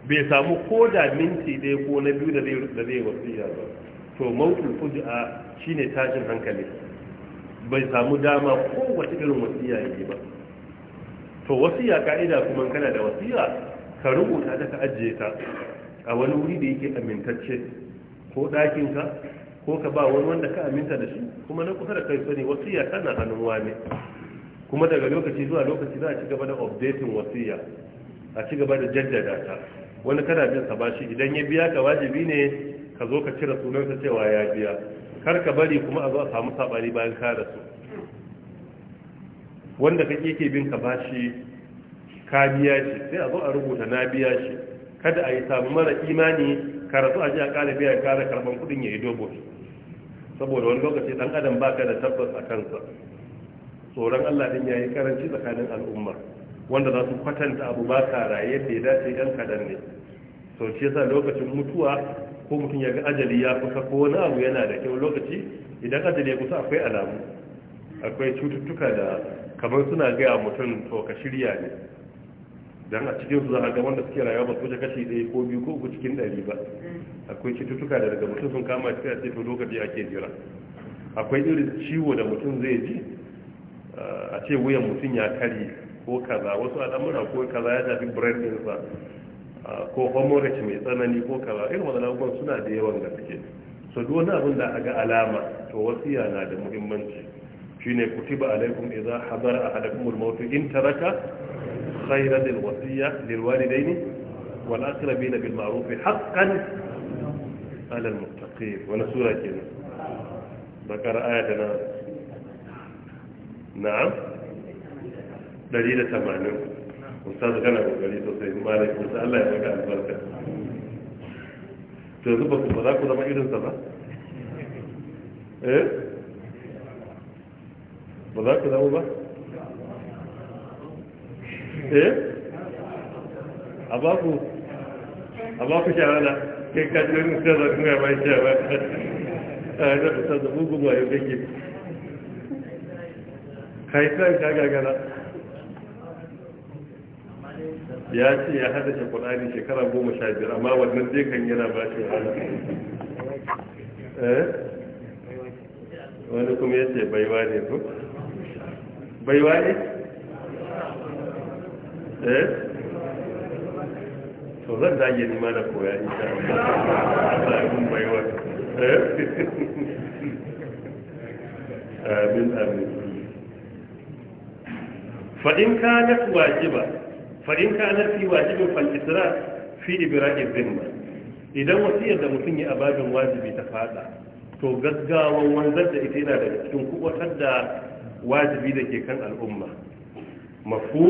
bai samu ko da minti ɗaya ko na biyu da zai wasiya ba to mautul fujua shine tashin hankali bai samu dama kowace irin wasiya yake ba to wasiya ka'ida kuma kana da wasiya ka rubuta ta ka ajiye ta a wani wuri da yake amintacce ko ɗakin ka ko ka ba wani wanda ka aminta da shi kuma na kusa da kai sani wasiya tana hannun wani kuma daga lokaci zuwa lokaci za a ci gaba da updating wasiya a ci gaba da jaddada ta wani kana jin sa bashi idan ya biya ka wajibi ne ka zo ka cire sunansa cewa ya biya kar ka bari kuma a zo a samu sabani bayan ka rasu wanda kake ke bin ka bashi ka biya shi sai a zo a rubuta na biya shi kada a yi samu mara imani karatu a ji a ƙara biya ƙara karban kuɗin ya yi dobo saboda wani lokaci dan adam baka da tabbas a kansa tsoron Allah din yayi karanci tsakanin al'umma wanda za su kwatanta abu ba ka raye da ya dace ɗan kaɗan ne so shi yasa lokacin mutuwa ko mutum ya ga ajali ya kusa ko wani abu yana da kyau lokaci idan ajali ya kusa akwai alamu akwai cututtuka da kamar suna gaya mutum to ka shirya ne don a cikin su za a ga wanda suke rayuwa ba su wuce kashi ɗaya ko biyu ko uku cikin ɗari ba akwai cututtuka da daga mutum sun kama shi a to lokaci ake jira akwai irin ciwo da mutum zai ji a ce wuyan mutum ya kari ko kaza wasu al'amura ko kaza ya tafi brain ɗinsa ko hemorrhage mai tsanani ko kaza irin wannan abubuwan suna da yawan gaske so duk wani abin da aga alama to wasiya na da muhimmanci shine kutiba alaikum idza hadara ahadakum al-maut in taraka khayra al-wasiyya lil wal aqrabina bil ma'ruf haqqan ala al-muttaqin wa sura kenan bakara ayatana na'am dalila 180 ustaz kana gari kokari sosai malai musa Allah ya maka albarka to yanzu ba ku ba za ku sa ba eh ba za ka zama ba eh a baku a baku shawara kai ka ce wani sai zaka mai bai shawara a yi ta da bugun wayo kake kai sai ka gagara ya ce ya hada shi kudani shekara goma sha biyar amma wannan zai kan yana ba shi wahala eh? wani kuma ya ce baiwa ne ko Bai waye? eh to zan dage nima da koya insha Allah waye eh? amin amin fa'in ka na wajiba fa'in ka na fi wajibin falkisira fi ibira'in zimma idan wasiyar da mutum ya ababin wajibi ta fada to gaggawan wanzar da ita yana da cikin kubatar da wajibi da ke kan al'umma Mafu?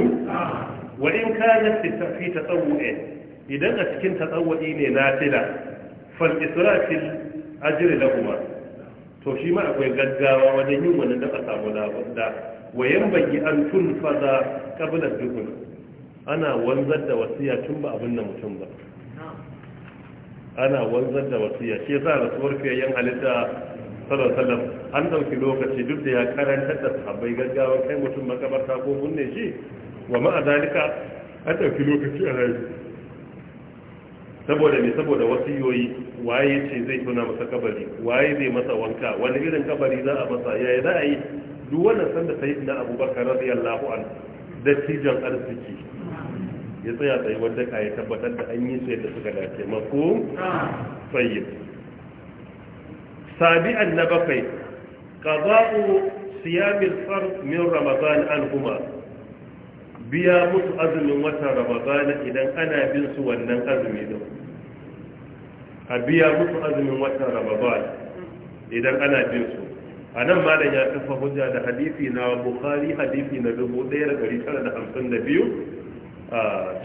wa in ta fi tatawwu'i idan a cikin tatawwu'i ne na nafila fal israfil ajri lahuma to shi ma akwai gaggawa wajen yin wani da ka samu da wayan bagi an tun fada qabla dukun ana wanzar da wasiya tun ba abin da mutum ba ana wanzar da wasiya shi yasa rasuwar yan halitta sallallahu alaihi an dauki lokaci duk da ya karanta da sahabbai gaggawa kai mutum makabarta ko munne shi wa ma'a zalika an dauki lokaci a rayu saboda ne saboda wasu yoyi waye ce zai tuna masa kabari waye zai masa wanka wani irin kabari za a masa yayi za a yi duk wannan sanda sayyidina abubakar radiyallahu anhu dattijan arziki ya tsaya tsaye wanda ka ya tabbatar da an yi sai da suka dace mako sayyid sabi'an na bakwai qada'u siyamin fard min ramadan anhuma biya musu azumin watan ramadan idan ana bin su wannan azumi din a biya musu azumin watan ramadan idan ana bin su a nan malam ya kafa hujja da hadisi na bukhari hadisi na 1952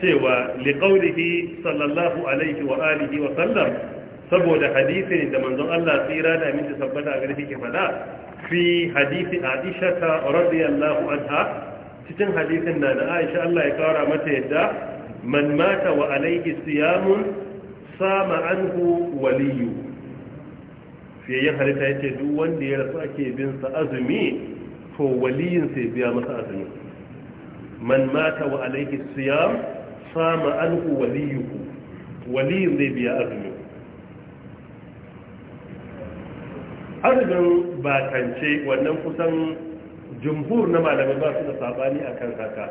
cewa liqaulihi sallallahu alaihi wa alihi wa sallam saboda hadisin da manzon Allah tsira da aminci sabbata a garfi ke fada fi hadisi Aisha ta radiyallahu anha cikin hadisin da Aisha Allah ya kara mata yadda man mata wa alayhi siyamun sama anhu waliyu fiyayen halitta ya ce duk wanda ya rasu ake bin sa azumi to waliyin sai biya masa azumi man mata wa alayhi siyam sama anhu waliyu. waliyin zai biya azumi azumin bakance wannan kusan jumhur na malamai ba su da sabani a kan haka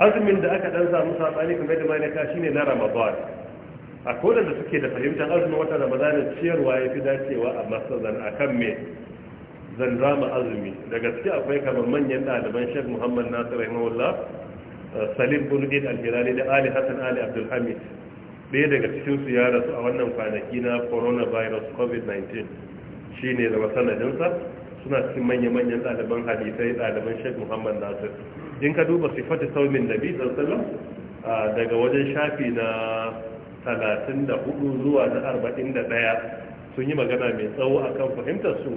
azumin da aka ɗan samu sabani kamar da shi shine na ramadan a kodan da suke da fahimtar azumin wata ramadan ciyarwa ya fi dacewa a a akan me zan rama azumi da gaske akwai kamar manyan ɗaliban shek muhammad nasir rahimahullah eh, salim bin id da ali hassan ali Abdulhamid, hamid ɗaya daga cikin su ya rasu a wannan kwanaki na coronavirus covid-19 shi ne zama sanadinsa suna cikin manya-manyan ɗaliban hadisai ɗaliban shek muhammad nasir in ka duba sifati saumin nabi sallallahu daga wajen shafi na 34 zuwa na 41 sun yi magana mai tsawo akan fahimtar su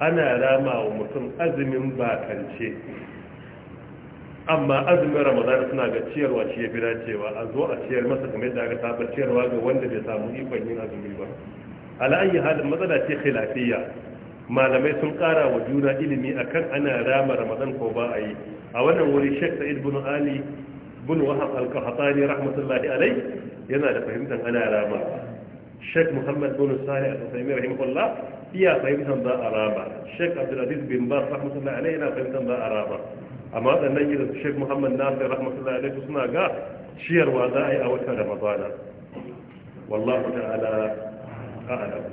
ana rama wa mutum azumin bakance amma azumin ramadana suna ga ciyarwa shi fi dacewa a zo a ciyar masa kamar da aka saba ciyarwa ga wanda bai samu ikon yin azumi ba Ala'ayi ayi halin matsala ce khilafiyya malamai sun kara wa juna ilimi akan ana rama ramadan ko ba a yi a wannan wuri sheikh sa'id bin ali bin wahab al-qahtani rahmatullahi alai yana da fahimtar ana rama sheikh muhammad bin salih al-usaimi rahimahullah iya fahimtar za a rama sheikh abdulaziz bin bas rahmatullahi alai yana fahimtar za a rama amma waɗannan irin sheikh muhammad nasir rahmatullahi alai suna ga ciyarwa za a yi a watan ramadana wallahu ta'ala a'lam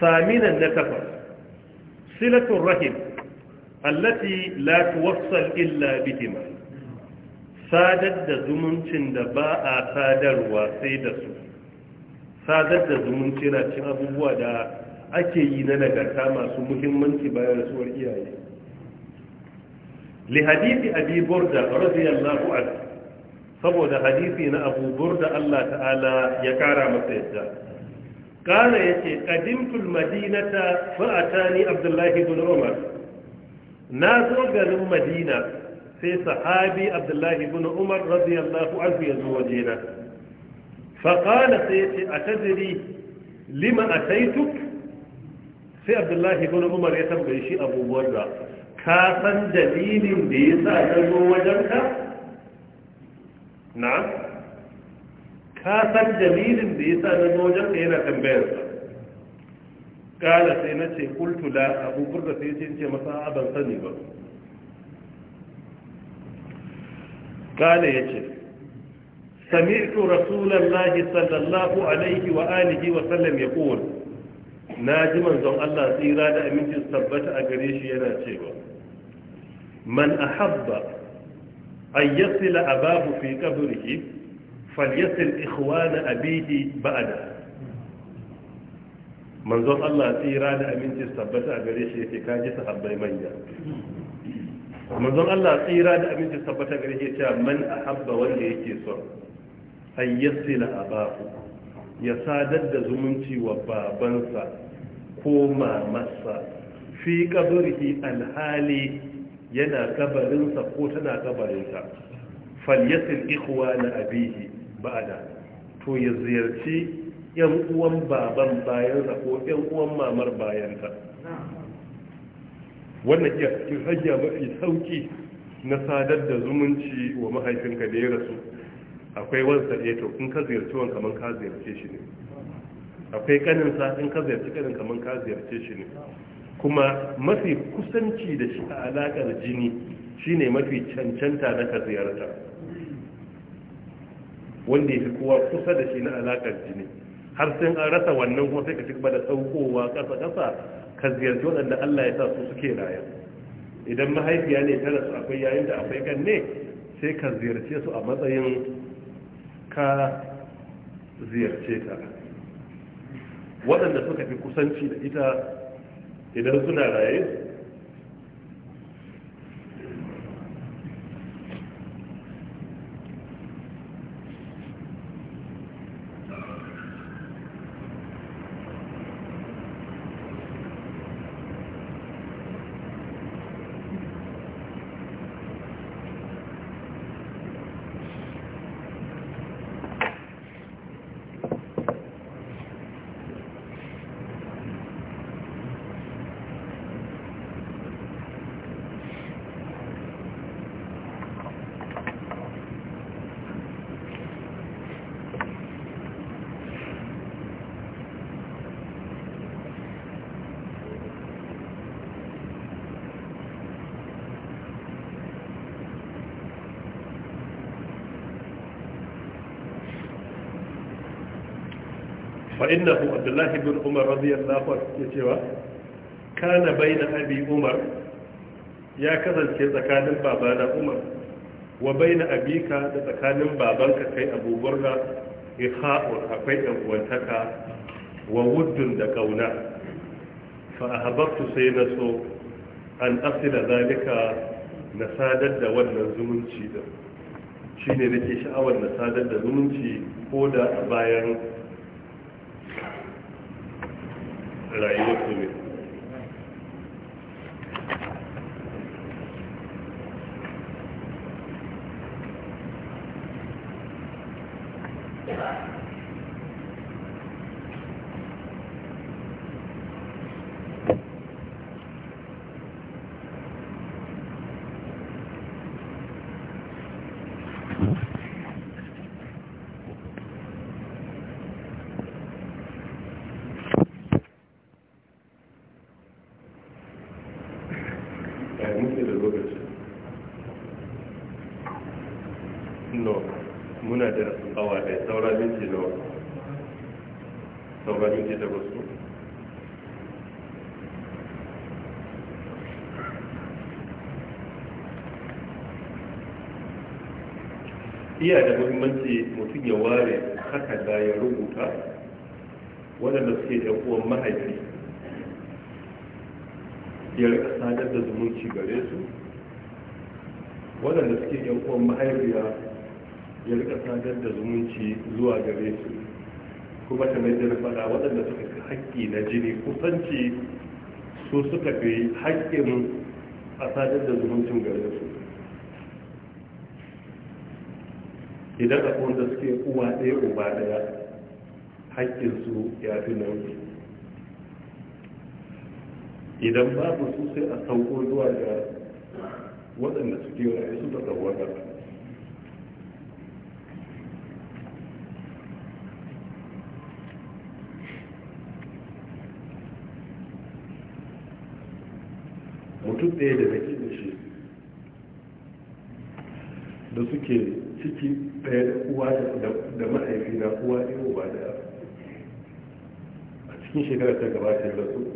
saminan na takwas silatul rahim allati la tuwassal illa bihima sadar da zumuncin da ba a sadarwa sai da su sadar da zumunci na cin abubuwa da ake yi na nagarta masu muhimmanci bayan rasuwar iyaye li hadithi abi burda radiyallahu anhu saboda hadisi na abu burda Allah ta'ala ya kara masa yadda kara ya ce ƙadimtul Madinata ta fa’ata ni abdullahi bin umar na zo garin madina sai sahabi abdullahi bin umar radiyallahu arzu ya zo wajena faƙana sai ce a taziri lima a taituk sai abdullahi bin umar ya tambayi shi abubuwan ka san dalilin da ya sa zo wajenka na? ka san dalilin da yasa na nojan ka yana tambayar sa kala sai na ce kultu la abu burda sai ce ce masa ban sani ba kala wa سمعت رسول الله صلى الله عليه وآله وسلم يقول ناجما زن الله سيرا دا أمين تثبت أقريش يناتيوا من أحب أن يصل أباه في قبره falyasil ikhwana abihi ba'ada, manzon Allah tsira da aminci tabbata a gare shi yake kaji sahabbai manya manzon Allah tsira da aminci tabbata gare shi yake man ahabba wanda yake so ayyasila abahu ya sadar da zumunci wa babansa ko mamarsa fi kabarihi alhali yana kabarinsa ko tana kabarinsa falyasil ikhwana abihi ba'ada to ya ziyarci yan uwan baban bayansa ko yan uwan mamar bayanta wannan ke hanya mafi sauki na sadar da zumunci wa mahaifinka da ya rasu akwai wansa ɗaya eh to in ka ziyarci wani kamar ka ziyarce shi ne akwai kaninsa in ka ziyarci kanin kamar ka ziyarce shi ne kuma mafi kusanci da shi a alaƙar jini shine mafi cancanta na ka ziyarta wanda yafi kowa kusa da shi na alakar jini har sai an rasa wannan kuma sai ka ci gaba da saukowa kasa kasa ka ziyarci waɗanda Allah ya sa su suke raya idan mahaifiya ne ta rasu akwai yayin da akwai kan ne sai ka ziyarce su a matsayin ka ziyarce ta waɗanda suka fi kusanci da ita idan suna raye فإنه عبد الله بن عمر رضي الله عنه يتوى كان بين أبي عمر يا كذا تكان بابانا عمر وبين أبيك تكان بابانك كي أبو برنا إخاء أقوي أبوانتك وود دكونا فأهبطت سينسو أن أصل ذلك نسادد دولنا زمنشي شine nake sha'awar na sadar da zumunci ko da a bayan rayuwar su ne muhimmanci mutum ya ware haka da ya rubuta waɗanda suke da uwan mahaifi ya rika sadar da zumunci gare su waɗanda suke da uwan mahaifiya ya rika sadar da zumunci zuwa gare su kuma ta mai da waɗanda suka fi haƙƙi na jini kusanci su suka fi haƙƙin a sadar da zumuncin gare su idan akwai wanda suke uwa ɗaya uba ɗaya haƙƙinsu ya fi nauyi idan babu su sai a sauko zuwa ga waɗanda suke ya su daga tsawaka mutum ɗaya da nake da shi da suke ciki ɗaya da uwa da mahaifi na uwa ne ba da a cikin shekarar ta gabata ya su.